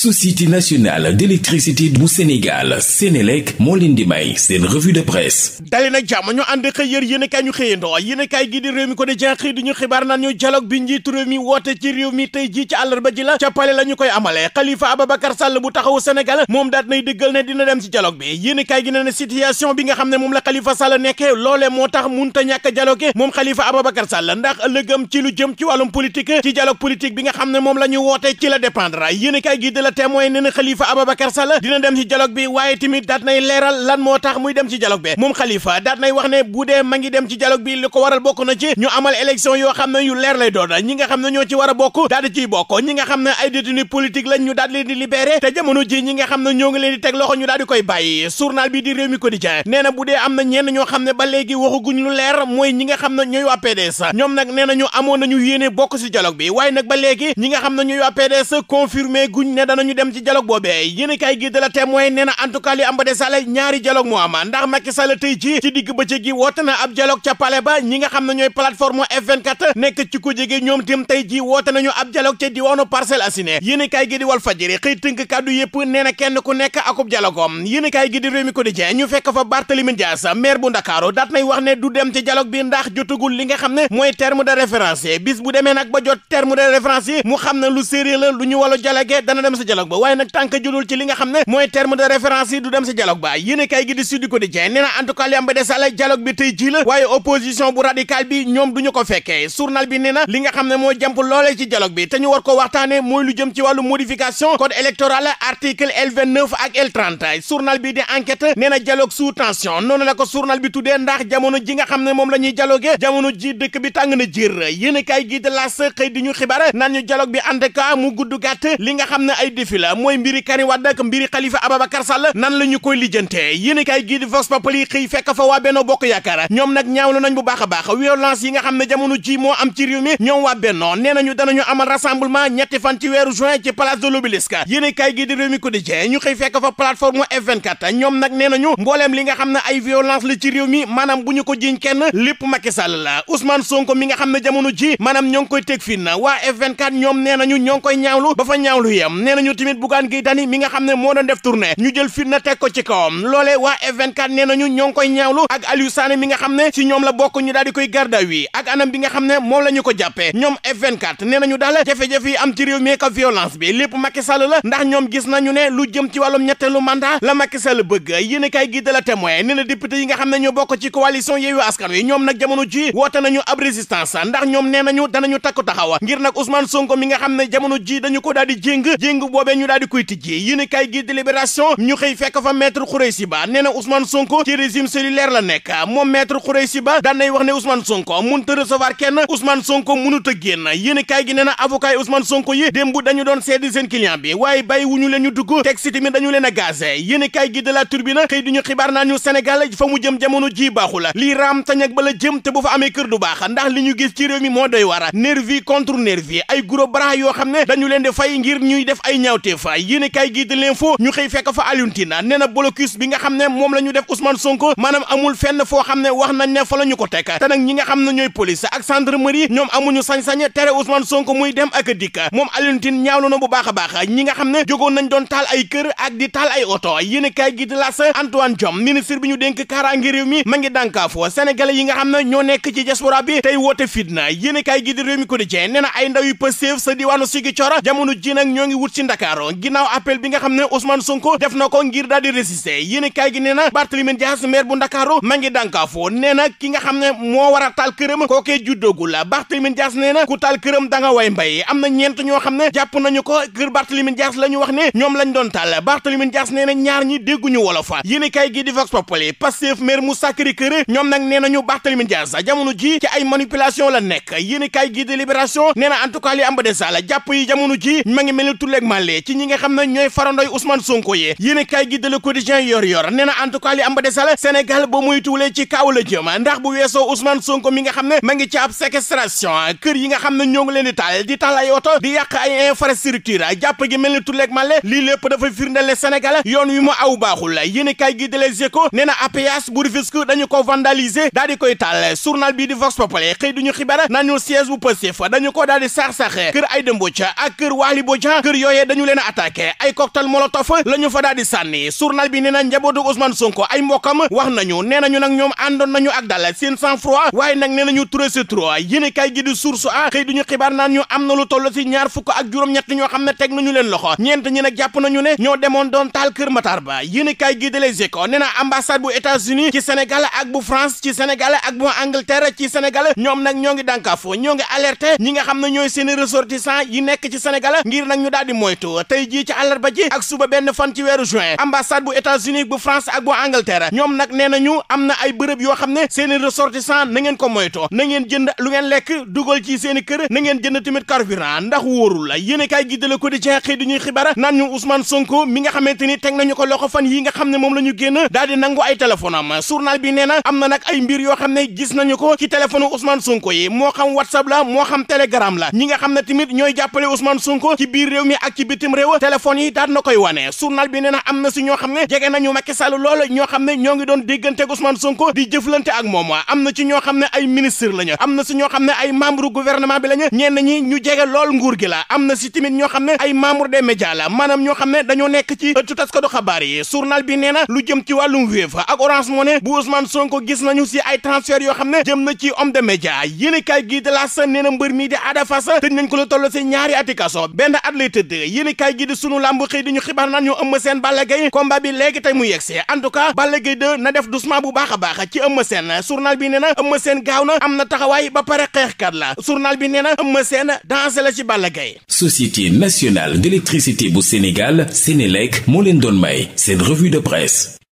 société nationale d'électricité bu Sénégal Sénélec moo leen di may seen revue de presse dali nag ñu ànd xëy yër yéen a ñu xëyandoo a kaay gi di réew mi ko di jenqi di ñu xibaar naan ñu bi njiitu réew mi woote ci réew mi tey jii ci àllarba ji la ca Palais la koy amalee Khalifa Ababacar Sall bu taxawu Sénégal moom daat nay dëggal ne dina dem ci dialogue bi yéen a gi ne na bi nga xam ne moom la Khalifa Sall nekkee loolee moo tax munta ñàkk dialogue moom Khalifa Ababacar Sall ndax ëllëgam ci lu jëm ci wàllum politique ci dialogue politique bi nga xam ne moom la woote ci la témoin nee na Khalifa Ababacar Sall dina dem ci dialogue bi waaye tamit daat nay leeral lan moo tax muy dem ci dialogue bi moom Khalifa daat nay wax ne bu dee ma ngi dem ci dialogue bi li ko waral bokk na ci ñu amal élection yoo xam ne yu leer lay doon ñi nga xam ne ñoo ci war a bokk daal ciy bokk ñi nga xam ne ay détenu politique lañ ñu daal leen di libéré te jamono ji ñi nga xam ne ñoo ngi leen di teg loxo ñu daal di koy bàyyi journal bi di réew mi quotidien nee na am na ñenn ñoo xam ne ba léegi waxaguñ lu leer mooy ñi nga ne ñooy waa PDS ñoom nag nee nañu amoon ba léegi ñi nga xam ne ñooy waa na ñu dem ci dialogue boobee yéen a kaay gi de la témoin nee na en tout cas li am ba desale ñaari dialogue moo am ndax Macky Sall tey ci ci digg bëccëg gi woote na ab dialogue ca palais ba ñi nga xam ne ñooy plateforme F24 nekk ci ko jege ñoom tim tey ji woote nañu ab dialogue ca diwaanu Parcelles Assainies yéen a kaay gi di Walf Fadjri xëy tënk kàddu yëpp nee na kenn ku nekk akub dialogue yéen a kaay gi di Rewmi Quotidien ñu fekk fa Barthélémy Dias maire bu Ndakaaru daat nay wax ne du dem bi ndax jotagul li nga xam ne mooy terme de référence bis bu demee nag ba jot terme de mu xam ne lu sérieux la lu wala jalage dana dem sa dialogue ba waaye nag tànk jëlul ci li nga xam ne mooy terme de référence yi du dem sa dialogue ba yéen kay gi di Sud Quotidien nee na en tout cas li am ba bi tey ji la waaye opposition bu radical bi ñoom du ñu ko fekkee journal bi nee li nga xam ne moo jàmp loolee ci dialogue bi te ñu war ko waxtaane mooy lu jëm ci wàllu modification code électoral article L29 ak L30 journal bi di enquête nee na dialogue sous tension la ko journal bi tuddee ndax défi la mooy mbiri Karim Wade ak mbiri Khalifa Ababacar Sall nan la ñu koy lijjantee yéenekaay gii di Vox Populi xëy fekk fa waa Benno Bokk Yaakaar ñoom nag ñaawlu nañ bu baax a baax yi nga xam ne jamono ji moo am ci ñoom waa Benno nee nañu danañu amal rassemblement ñetti fan ci weeru juin ci place de l'Obélisque yéenekaay gii di Rewmi Quotidien ñu xëy fekk fa plateforme F24 ñoom nag nee nañu mbooleem li nga xam ne ay violence la ci réew bu ñu ñu tamit Bougane Gueye mi nga xam ne moo doon def tournée ñu jël fitna teg ko ci kawam loolee waa F24 nee ñoo koy ñaawlu ak Aliou Sané mi nga xam ne ci ñoom la bokk ñu daal koy garda wi ak anam bi nga xam ne moom la ñu ko jàppee ñoom F24 nee daal jafe-jafe yi am ci réew mi ak bi lépp Macky Sall la ndax ñoom gis nañu ne lu jëm ci wàllum ñetteelu mandat la Macky Sall bëgg yéen a kaay gi de la témoin yi nga xam ne ñoo boobee ñu daal di koy tijji yéen kay gi di libération ñu xëy fekk fa maître Khoureyssi Ba nee na Ousmane Sonko ci régime cellulaire la nekk moom maître Khoureyssi Ba daan nay wax ne Ousmane Sonko mënut a recevoir kenn Ousmane Sonko mënut a génn yéen kay gi nee na avocat yi Ousmane Sonko yi démb dañu doon seedi seen client bi waaye bay wuñu leen ñu dugg teg si tamit dañu leen a gazé yéen kay gi de la turbine xëy di ñu xibaar naa ñu Sénégal fa mu jëm jamono ji baaxu li lii raam tañak ba la jëm te bu amee kër du baax ndax li ñu gis ci réew mi moo doy war nervi contre ay gros bras yoo xam ne dañu leen di fay ngir ñuy def ay ñaawteef yéen i kaay gii di l'info ñu xëy fekk fa Alioune Tine nee na blocus bi nga xam ne moom la ñu def Ousmane Sonko maanaam amul fenn foo xam ne wax nañ ne fa la ñu ko teg te nag ñi nga xam ne ñooy police ak gendarmerie ñoom amuñu sañ-sañ tere Ousmane Sonko muy dem ak dikk moom Alioune Tine ñaawlu na bu baax a baax ñi nga xam ne jógoon nañ doon taal ay kër ak di taal ay oto yéen i kaay gii di L'As Antoine Diome ministre bi ñu dénk kaaraange réew mi ma ngi dànkaafoo sénégalais yi nga xam ne ñoo nekk ci diaspora tey woote fitna yéen i kaay gii di ko di nee na ay ndaw yu nag ñoo ngi wut si Ndakaaru ginnaaw appel bi nga xam ne Ousmane Sonko def na ko ngir daal di résister yéen gi nee na Barthélémy bu Ndakaaru ma ngi dànkaafu nee xam ne moo war a taal këram kookee juddoogul Barthélémy Dias nee na ku taal këram da way mbay am na ñeent ñoo xam ne jàpp nañu ko kër Barthélémy Dias wax ne ñoom lañ doon taal Barthélémy Dias nee ñaar ñi dégguñu wolof yéen kaay gi di Vox Populi Pastef maire mu sàkkari kër ñoom na en tout cas le ci ñi nga xam ne ñooy farandoy Ousmane Sonko yi yéen kaay gi de Le Quotidien yor yor nee na en muy tuulee ci kaaw la ndax bu weesoo Ousmane Sonko mi xam ne ma ngi ci ab séquestration kër yi nga xam ne ñoo ngi di taal di taal ay oto di yàq ay infrastructure jàpp gi mel ni tulleeg màlle lii lépp dafa firndeel ne Sénégal yoon wi mu aw baaxul yéen kaay gi de Les Échos nee na APS bu Rufisque dañu ko vandaliser daal di koy taal ko daal di saax-saaxe dañu leen a attaqué ay cocktail molotov la ñu fa daal di sànni journal bi nee na njabootu Ousmane Sonko ay mbokkam wax nañu nee nañu nag ñoom àndoon nañu ak dal seen sang-froid waaye nag nee nañu turé si trois kay gi di source a xëy duñu xibaar naan ñu am na lu toll si ñaar fukk ak juróom-ñett ñoo xam ne teg nañu leen loxo ñeent ñi nag jàpp nañu ne ñoo demoon doon taal Kër Matar ba yéen kay gi di Les Échos nee na ambassade bu États-Unis ci Sénégal ak bu France ci Sénégal ak bu Angleterre ci Sénégal ñoom nag ñoo ngi dànkaafu ñoo ngi alerté ñi nga ne ñooy seen ressortissant yi nekk ci Sénégal ngir nag ñu daal di moytu saytu tey jii ci àllarba ji ak suba benn fan ci weeru juin ambassade bu États-Unis bu France ak bu ñoom nag nee nañu am na ay bërëb yoo xam ne seeni ressortissant na ngeen ko moytoo na ngeen jënd lu ngeen lekk dugal ci seeni kër na ngeen jënd tamit carburant ndax wóorul la yéen a kaay gi de Le Quotidien xëy di ñuy xibaar naan ñu Ousmane Sonko mi nga xamante ni teg nañu ko loxo fan yi nga xam ne moom la ñu génn daal di nangu ay téléphone am journal bi nee na am na nag ay mbir xam ne gis nañu ko ci téléphone Ousmane Sonko yi moo xam moo xam Telegram la ñi nga xam ne tamit ñooy jàppale Ousmane Sonko ci biir réew mi ak bitim réew téléphone yi daal na koy wane journal bi nee na am na si ñoo xam ne jege nañu Macky Sall lool ñoo xam ne ñoo ngi doon déggante Ousmane Sonko di jëflante ak moom am na ci ñoo xam ne ay ministre lañu am na si ñoo xam ne ay membre gouvernement bi lañu ñenn ñi ñu jege lool nguur gi la am na si tamit ñoo xam ne ay membre de médias la maanaam ñoo xam ne dañoo nekk ci ëttu taskatu xabaar yi journal bi nee na lu jëm ci wàllum Wave ak Orange Money bu Ousmane Sonko gis nañu si ay transfert yoo xam ne jëm na ci média yéen i kaay la sa na mbër mii di Ada Fass tëj nañ ko lu toll si ñaari ati kaso benn at lay tëdd yéen kaay gi di sunu làmb xëy di ñu xibaar naan ñu Eumeu Sène Balla tey mu yegsi en tout cas Balla Gaye 2 na def doucement bu baax a baax ci Eumeu Sène journal bi nee na Eumeu Sène gaaw na am na taxawaay ba pare xeexkat la journal bi nee na Eumeu Sène dansé la ci Balla Gaye Société nationale d'électricité bu Sénégal Sénélec moo leen doon may seen revue de presse